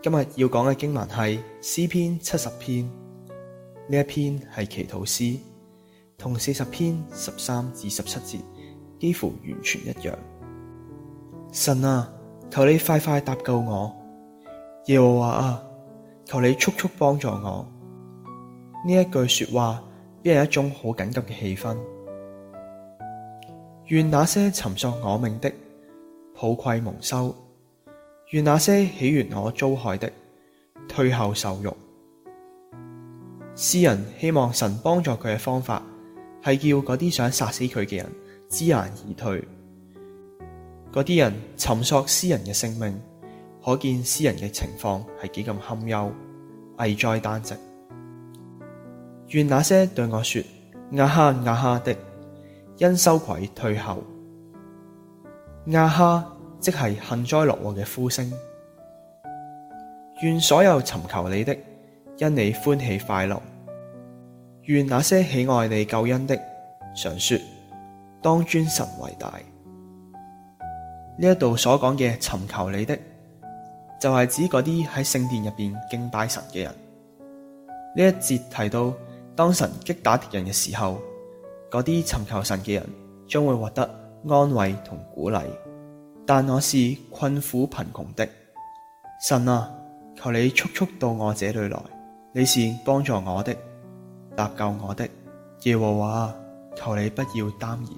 今日要講嘅經文係詩篇七十篇，呢一篇係祈禱詩，同四十篇十三至十七節幾乎完全一樣。神啊，求你快快搭救我！耶和華啊，求你速速幫助我！呢一句說話，俾人一種好緊急嘅氣氛。願那些尋索我命的，抱愧蒙羞。願那些喜悅我遭害的，退後受辱。詩人希望神幫助佢嘅方法係叫嗰啲想殺死佢嘅人知難而退。嗰啲人尋索詩人嘅性命，可見詩人嘅情況係幾咁堪憂，危在旦夕。願那些對我說阿哈、阿哈的，因羞愧退後。阿哈。即係幸災樂禍嘅呼聲。願所有尋求你的，因你歡喜快樂。願那些喜愛你救恩的，常說當尊神為大。呢一度所講嘅尋求你的，就係指嗰啲喺聖殿入邊敬拜神嘅人。呢一節提到，當神擊打敵人嘅時候，嗰啲尋求神嘅人將會獲得安慰同鼓勵。但我是困苦貧窮的，神啊，求你速速到我這裏來，你是幫助我的，搭救我的，耶和華啊，求你不要耽延。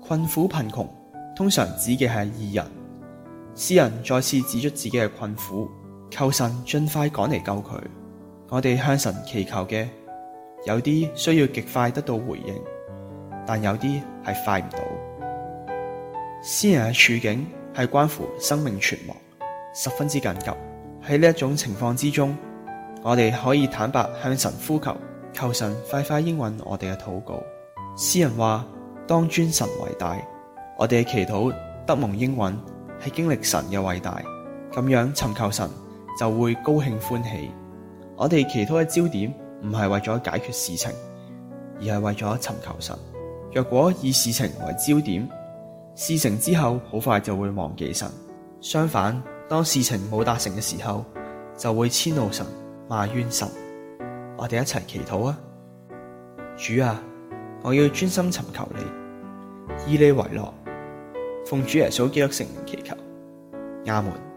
困苦貧窮通常指嘅係義人，詩人再次指出自己嘅困苦，求神盡快趕嚟救佢。我哋向神祈求嘅，有啲需要極快得到回應，但有啲係快唔到。詩人嘅處境係關乎生命存亡，十分之緊急。喺呢一種情況之中，我哋可以坦白向神呼求，求神快快應允我哋嘅禱告。詩人話：當尊神為大，我哋嘅祈禱得蒙應允，係經歷神嘅偉大。咁樣尋求神就會高興歡喜。我哋祈禱嘅焦點唔係為咗解決事情，而係為咗尋求神。若果以事情為焦點，事成之後，好快就會忘記神。相反，當事情冇達成嘅時候，就會遷怒神、罵冤神。我哋一齊祈禱啊！主啊，我要專心尋求你，以你為樂，奉主耶穌基督聖名祈求，阿門。